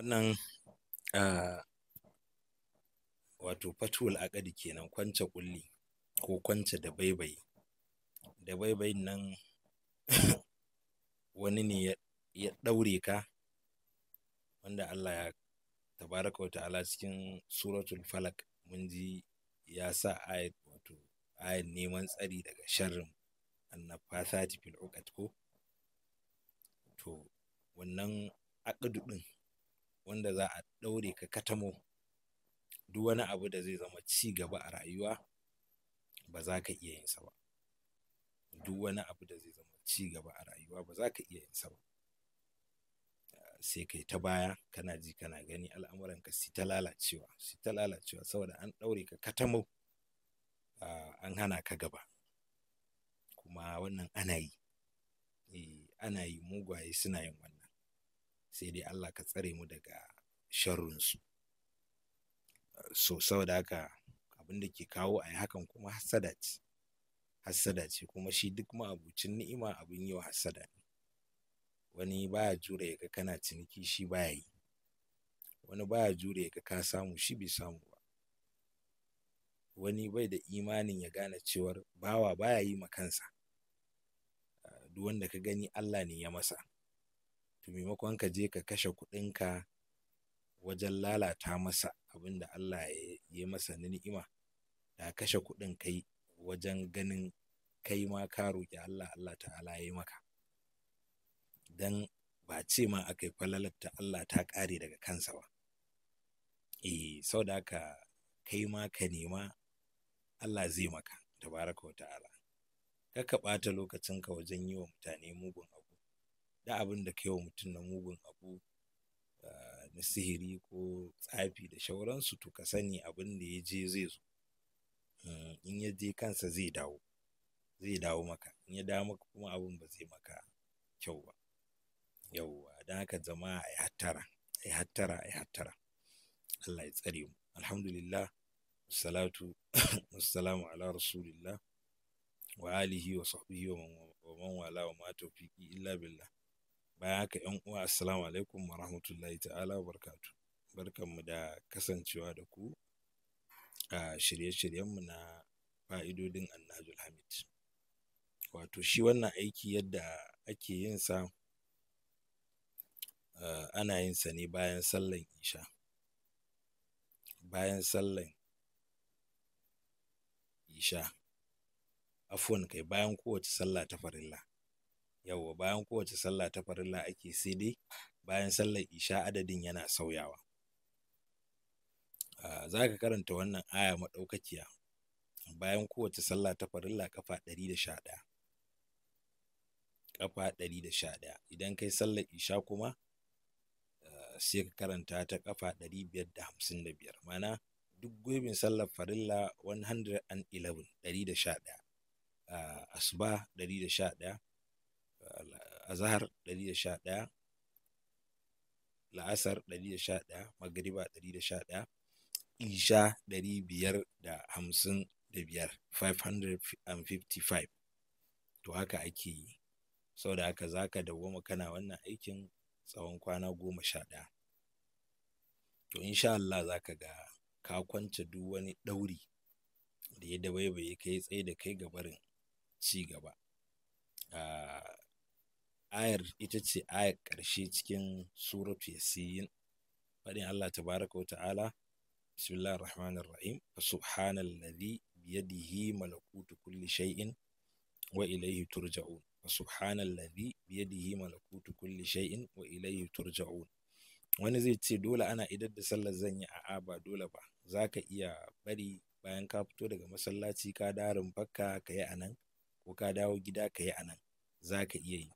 wannan ah, wato fatuwal aƙadi kenan kwance ƙulli, ko kwance da baibayi da baibayin nan wani ne ya ɗaure ka wanda Allah ya tabaraka wa ta'ala cikin suratul falak mun ji ya sa ayat wato ayat neman tsari daga sharrin annafasati fil uqad ko to wannan aqdu din wanda za a ɗaure ka katamo duk wani abu da zai zama ci gaba a rayuwa ba za ka iya yinsa ba duk wani abu da zai zama ci gaba a rayuwa ba za ka iya yinsa ba sai kai ta baya kana ji kana gani al'amuranka su ta lalacewa su ta lalacewa saboda an ɗaure ka katamo ah, an hana ka gaba kuma wannan ana yi eh, ana yi mugwaye suna yin wannan sai dai Allah ka tsare mu daga sharrunsu so saboda haka abin da ke kawo a yi hakan kuma hassada ce hassada ce kuma shi duk ma'abucin ni'ima abin yau hasada ne wani baya jure ya ga kana ciniki shi baya yi wani baya jure ya ga ka samu shi bai samu ba wani bai da imanin ya gane cewar bawa baya yi ma kansa duk wanda ka gani Allah ne ya masa to maimakon ka je ka kashe kuɗinka wajen lalata masa abin da Allah ya yi masa na ni'ima da kashe kuɗin kai wajen ganin kai ma ka roƙi Allah Allah ta'ala ya yi maka don ba ce ma aka yi falalarta Allah ta ƙare daga kansa ba eh sau da aka kai ma ka nema Allah zai maka tabaraka wa ta'ala ka ɓata lokacinka wajen yi wa mutane mugun abu da abin da kaiwa wa mutum na mugun abu ah, na sihiri ko tsafi da shauransu to ka sani abin da ya je zai zo hmm, in ya je kansa zai dawo zai dawo maka in ya dawo maka kuma abin ba zai maka kyau ba yauwa don haka zama a yi hattara a yi hattara a yi hattara Allah ya tsare mu alhamdulillah salatu wassalamu ala rasulillah wa alihi wa sahbihi wa man wa ma illa billah bayaka ‘yan uwa assalamu alaikum wa rahmatullahi ta'ala wa barkatu. Barkanmu da kasancewa da ku a shirye-shiryenmu na fa'idodin Annajul Hamid. Wato shi wannan aiki yadda ake yin sa ana yin sa ne bayan sallan isha. Bayan sallan isha. Afuwan kai bayan kowace sallah ta farilla. yawwa bayan kowace sallah ta farilla ake sai dai bayan sallar isha adadin yana sauyawa ah, za ka karanta wannan aya maɗaukakiya bayan kowace sallah ta farilla kafa ɗari da sha ɗaya kafa ɗari da sha ɗaya idan kai sallar isha kuma ah, sai ka karanta ta kafa ɗari biyar da hamsin da biyar mana duk gwebin sallar farilla 111 ɗari da sha ɗaya ah, asuba ɗari da sha ɗaya azahar ɗaya la'asar ɗari da sha ɗaya magariba ɗari da ɗaya isha ɗari biyar da da hamsin fifty 555 to haka ake yi sau da haka za ka dawwama kana wannan aikin tsawon kwana goma sha ɗaya to insha Allah za ka ga ka kwance duk wani ɗauri da ya dabaibaye ka kai tsaye da kai ga barin ci gaba ah, ayar ita ce ayar ƙarshe cikin suratu yasin faɗin Allah tabaraka wa ta'ala bismillahir rahmanir rahim subhanallazi biyadihi malakutu kulli shay'in wa ilayhi turja'un subhanallazi biyadihi malakutu kulli shay'in wa ilayhi turja'un wani zai ce dole ana idan da sallar zan yi a'a ba dole ba zaka iya bari bayan ka fito daga masallaci ka darin fakka ka yi anan ko ka dawo gida ka yi anan zaka iya yi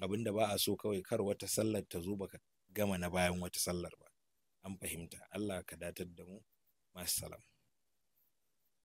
abin da ba a so kawai kar wata sallar ta zo baka gama na bayan wata sallar ba an fahimta Allah ka datar da mu masu salam